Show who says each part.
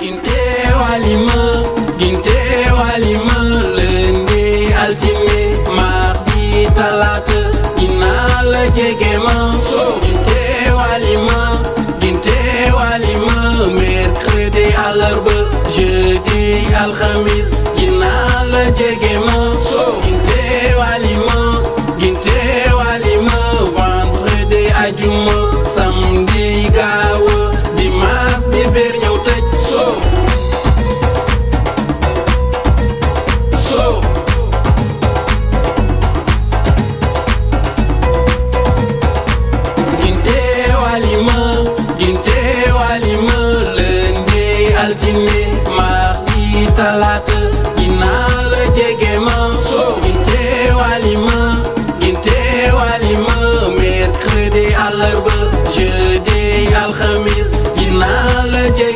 Speaker 1: ginte walima ginte walima lundi altine mardi talaata ginnaaw la jege ma ginte walima ginte walima mercredi àllarba jeudi alxamis ginnaaw la jege ma xalaat dinaa la jege ma ginte wali ma ginte wali ma mercredi la jege